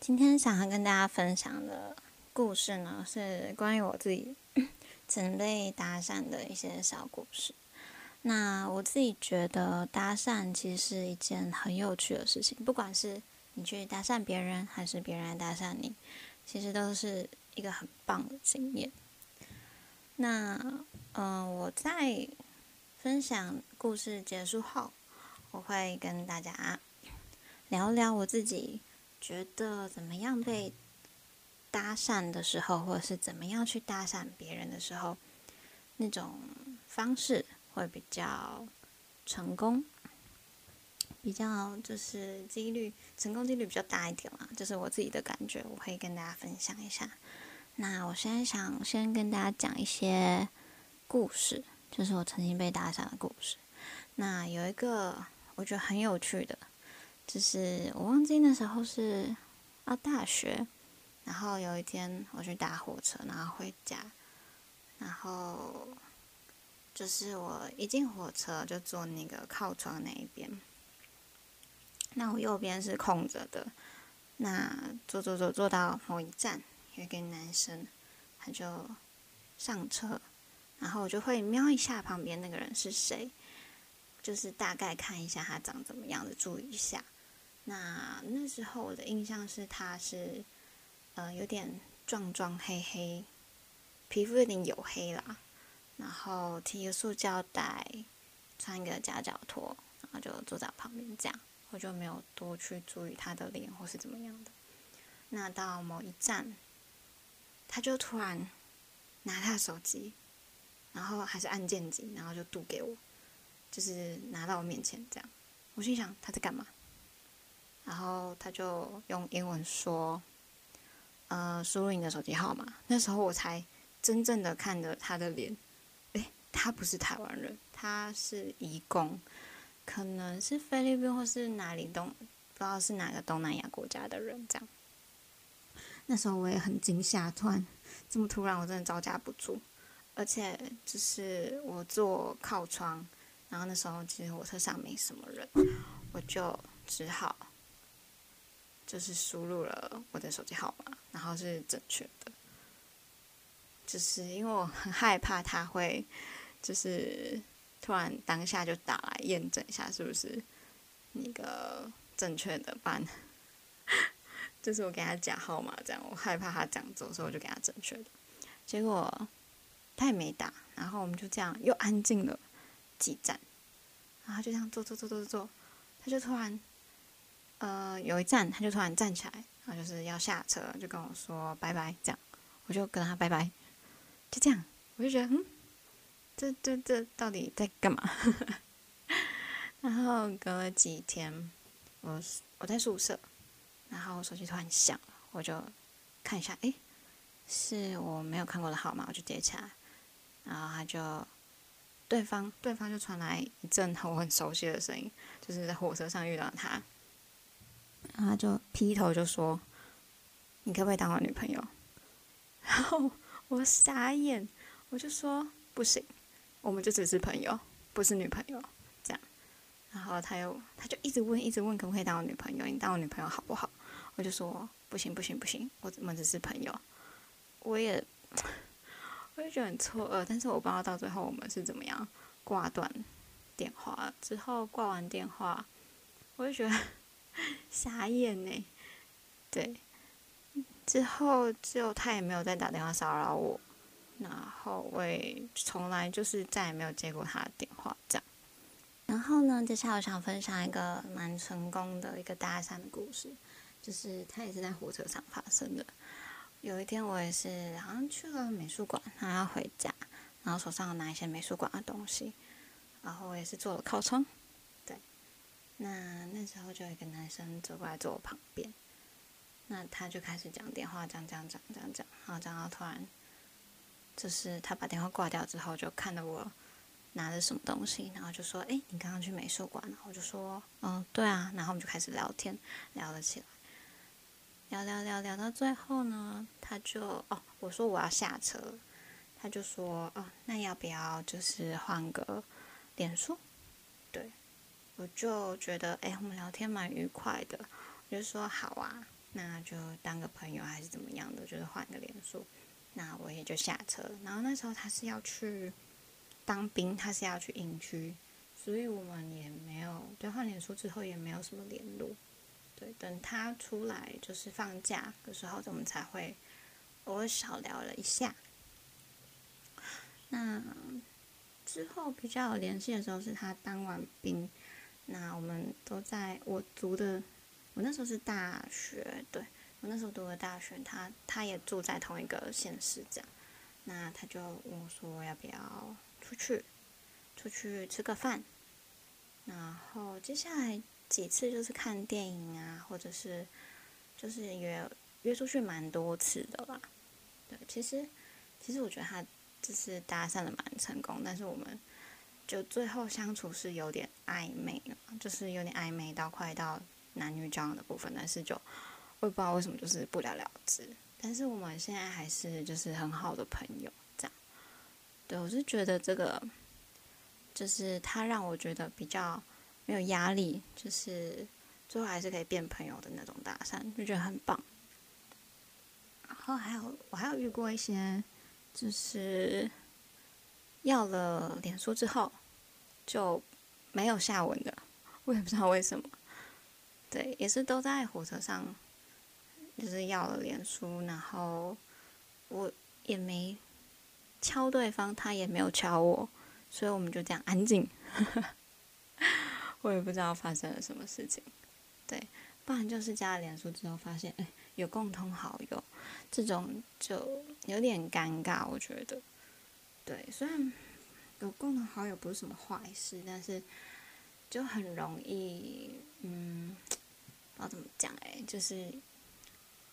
今天想要跟大家分享的故事呢，是關於我自己準備搭訕的一些小故事。那我自己覺得搭訕其實是一件很有趣的事情，不管是你去搭訕別人，還是別人來搭訕你，其實都是一個很棒的經驗。那嗯、呃，我在分享故事結束後，我會跟大家聊聊我自己。覺得怎麼樣被搭訕的時候，或者是怎麼樣去搭訕別人的時候，那種方式會比較成功，比較就是幾率成功幾率比較大一點嘛，這是我自己的感覺，我可以跟大家分享一下。那我現在想先跟大家講一些故事，就是我曾經被搭訕的故事。那有一個我覺得很有趣的。就是我忘記那時候是啊大學，然後有一天我去搭火車，然後回家，然後就是我一進火車就坐那個靠窗那一邊，那我右邊是空着的，那坐坐坐坐到某一站，有一個男生他就上車，然後我就會瞄一下旁邊那個人是誰，就是大概看一下他長怎麼樣的，注意一下。那那時候我的印象是他是，呃，有點壯壯黑黑，皮膚有點黝黑啦，然後提一個塑膠袋，穿一個夾腳拖，然後就坐在旁邊這樣，我就沒有多去注意他的臉或是怎麼樣的。那到某一站，他就突然拿他的手機，然後還是按鍵機，然後就遞給我，就是拿到我面前這樣，我心想他在幹嘛？然後他就用英文說：“呃，輸入你的手機號碼。”那時候我才真正的看着他的臉，誒，他不是台灣人，他是移工，可能是菲律賓或是哪裡東，不知道是哪個東南亞國家的人。這樣，那時候我也很驚嚇，突然這麼突然，我真的招架不住。而且就是我坐靠窗，然後那時候其實火車上沒什麼人，我就只好。就是輸入了我的手機號碼，然後是正確的。就是因為我很害怕他會，就是突然當下就打來驗證一下是不是那個正確的班。 就是我給他假號碼，這樣我害怕他這樣做，所以我就給他正確的。結果他也沒打，然後我們就這樣又安靜了幾站，然後就這樣坐坐坐坐坐，他就突然。呃，有一站，他就突然站起來，然後就是要下車，就跟我說拜拜，這樣，我就跟他拜拜，就這樣，我就覺得，嗯，這這這到底在幹嘛？ 然後隔了幾天，我我在宿舍，然後我手機突然響了，我就看一下，哎、欸，是我沒有看過的號碼，我就接起來，然後他就，對方對方就傳來一陣我很熟悉的聲音，就是在火車上遇到他。然後他就劈頭就說：“你可不可以當我女朋友？”然後我傻眼，我就說：“不行，我們就只是朋友，不是女朋友。”這樣，然後他又他就一直問，一直問可不可以當我女朋友？你當我女朋友好不好？我就說：“不行，不行，不行，我們只是朋友。”我也，我也覺得很錯愕，但是我不知道到最後我們是怎麼樣掛斷電話。之後掛完電話，我就覺得。 瞎眼呢、欸，對，之後就他也沒有再打電話騷擾我，然後我也從來就是再也沒有接過他的電話這樣。然後呢，接下來我想分享一個蠻成功的一個搭訕的故事，就是他也是在火車上發生的。有一天我也是好像去了美術館，然後要回家，然後手上拿一些美術館的東西，然後我也是坐了靠窗。那那時候就有一個男生走過來坐我旁邊，那他就開始講電話，講講講講講，然後講到突然，就是他把電話掛掉之後，就看到我拿着什麼東西，然後就說：“哎，你剛剛去美術館了？”我就說：“嗯、哦，對啊。”然後我們就開始聊天，聊了起來，聊聊聊聊到最後呢，他就哦，我說我要下車，他就說：“哦，那要不要就是換個臉書？”對。我就覺得，哎、欸，我們聊天蠻愉快的，我就說好啊，那就當個朋友還是怎麼樣的，就是換個臉書。那我也就下車。然後那時候他是要去當兵，他是要去營區，所以我們也沒有，對，換臉書之後也沒有什麼聯絡。對，等他出來就是放假的時候，我們才會偶爾少聊了一下。那之後比較有聯繫的時候是他當完兵。那我們都在我讀的，我那時候是大學，對，我那時候讀的大學，他他也住在同一個縣市這樣，那他就問我說要不要出去，出去吃個飯，然後接下來幾次就是看電影啊，或者是就是約約出去蠻多次的啦，對，其實其實我覺得他這次搭訕的蠻成功，但是我們。就最後相處是有點曖昧了，就是有點曖昧到快到男女交往的部分，但是就我也不知道為什麼，就是不了了之。但是我們現在還是就是很好的朋友，這樣。對，我是覺得這個就是他讓我覺得比較沒有壓力，就是最後還是可以變朋友的那種搭訕，就覺得很棒。然後還有我還有遇過一些，就是要了臉書之後。就沒有下文的，我也不知道為什麼。對，也是都在火車上，就是要了臉書，然後我也沒敲對方，他也沒有敲我，所以我們就這樣安靜。 我也不知道發生了什麼事情。對，不然就是加了臉書之後發現，哎，有共同好友，這種就有點尷尬，我覺得。對，雖然。有共同好友不是什麼壞事，但是就很容易，嗯，不知道怎麼講誒，就是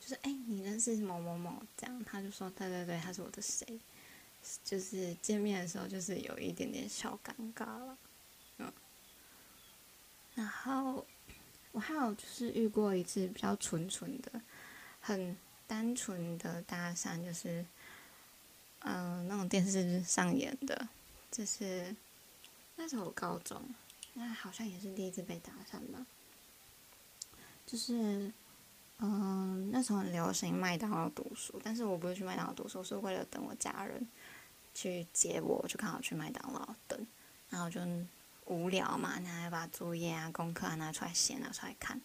就是誒、欸，你認識某某某？這樣他就說對對對，他是我的誰？就是見面的時候就是有一點點小尷尬了，嗯。然後我還有就是遇過一次比較純純的、很單純的搭訕，就是嗯、呃，那種電視上演的。就是那時候高中，那好像也是第一次被搭訕吧。就是嗯，那時候很流行麥當勞讀書，但是我不會去麥當勞讀書，是為了等我家人去接我，就剛好去麥當勞等。然後就無聊嘛，然後還把作業啊、功課啊拿出來寫，拿出來看，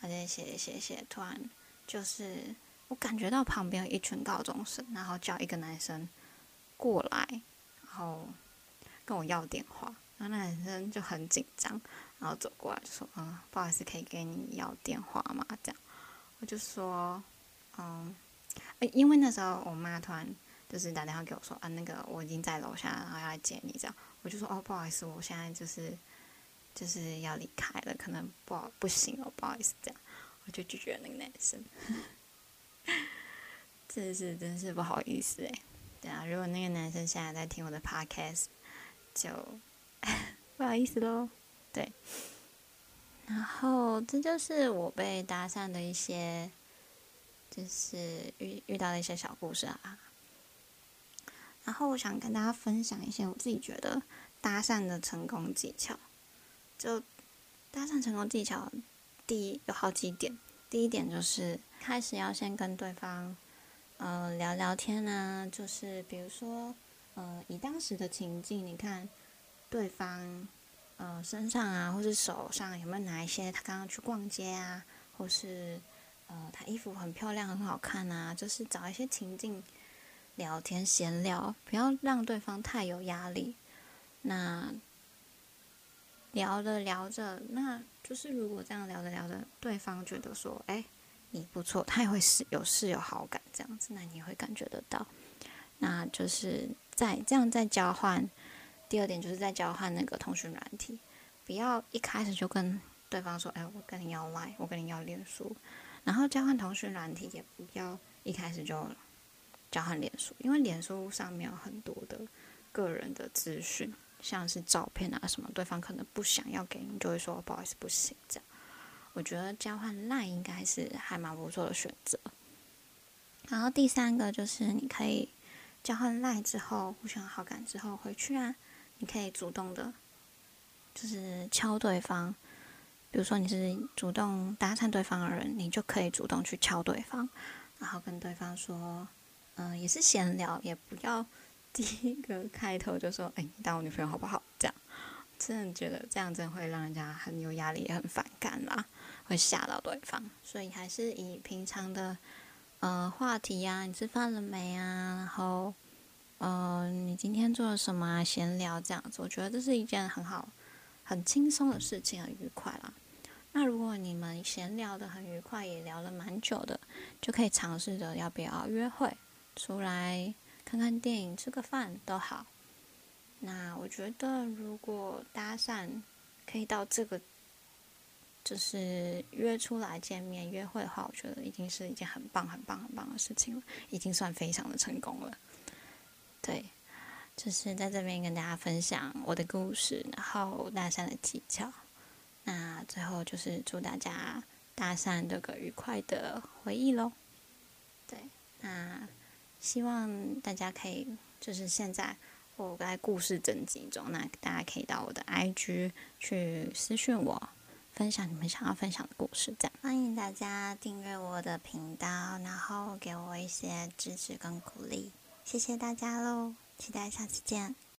而且寫寫寫，突然就是我感覺到旁邊有一群高中生，然後叫一個男生過來，然後。跟我要電話，然後那男生就很緊張，然後走過來就說：“嗯，不好意思，可以給你要電話嗎？”這樣，我就說：“嗯，誒、欸，因為那時候我媽突然就是打電話給我說啊，那個我已經在樓下，然後要來接你，這樣。”我就說：“哦，不好意思，我現在就是就是要離開了，可能不不行哦，不好意思，這樣。”我就拒絕了那個男生， 真是真是不好意思誒、欸，對啊，如果那個男生現在在聽我的 podcast。就 不好意思嘍，對。然後這就是我被搭訕的一些，就是遇、遇到的一些小故事啊。然後我想跟大家分享一些我自己覺得搭訕的成功技巧。就搭訕成功技巧，第一有好幾點。第一點就是開始要先跟對方，呃，聊聊天呢、啊，就是比如說。呃，以當時的情境，你看對方呃身上啊，或是手上有沒有拿一些，他剛剛去逛街啊，或是呃他衣服很漂亮，很好看啊，就是找一些情境聊天閒聊，不要讓對方太有壓力。那聊着聊着，那就是如果這樣聊着聊着，對方覺得說，哎、欸，你不錯，他也會是有事有好感這樣子，那你也會感覺得到。那就是在這樣再交換，第二點就是在交換那個通訊軟體，不要一開始就跟對方說：“哎、欸，我跟你要賴，我跟你要臉書。”然後交換通訊軟體也不要一開始就交換臉書，因為臉書上面有很多的個人的資訊，像是照片啊什麼，對方可能不想要給你，就會說：“不好意思，不行。”這樣，我覺得交換賴應該是還蠻不錯的選擇。然後第三個就是你可以。交換 LINE 之後，互相好感之後回去啊，你可以主動的，就是敲對方。比如說你是主動搭訕對方的人，你就可以主動去敲對方，然後跟對方說，嗯、呃，也是閒聊，也不要第一個開頭就說，哎、欸，你當我女朋友好不好？這樣，真的覺得這樣真的會讓人家很有壓力，也很反感啦，會嚇到對方，所以還是以平常的。呃，話題呀，你吃飯了沒啊？然後，呃，你今天做了什麼啊？閒聊這樣子，我覺得這是一件很好、很輕鬆的事情，很愉快啦。那如果你們閒聊得很愉快，也聊了蠻久的，就可以嘗試着要不要約會，出來看看電影、吃個飯都好。那我覺得，如果搭訕可以到這個。就是約出來見面約會的話，我覺得已經是一件很棒、很棒、很棒的事情了，已經算非常的成功了。對，就是在這邊跟大家分享我的故事，然後搭訕的技巧。那最後就是祝大家搭訕這個愉快的回憶嘍。對，那希望大家可以就是現在我在故事徵集中，那大家可以到我的 IG 去私訊我。分享你們想要分享的故事，這樣，歡迎大家訂閱我的頻道，然後給我一些支持跟鼓勵，謝謝大家嘍，期待下次見。